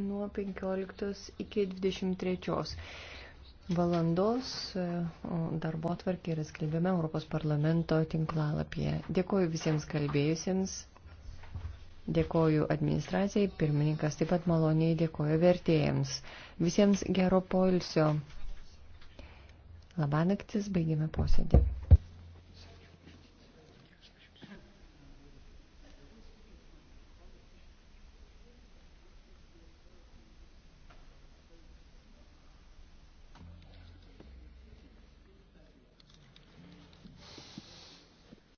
nuo 15 iki 23 valandos e, darbo tvarkė yra skelbiama Europos parlamento tinklalapyje. Dėkoju visiems kalbėjusiems, dėkoju administracijai, pirmininkas taip pat maloniai dėkoju vertėjams. Visiems gero polsio. Labanaktis, baigėme posėdį.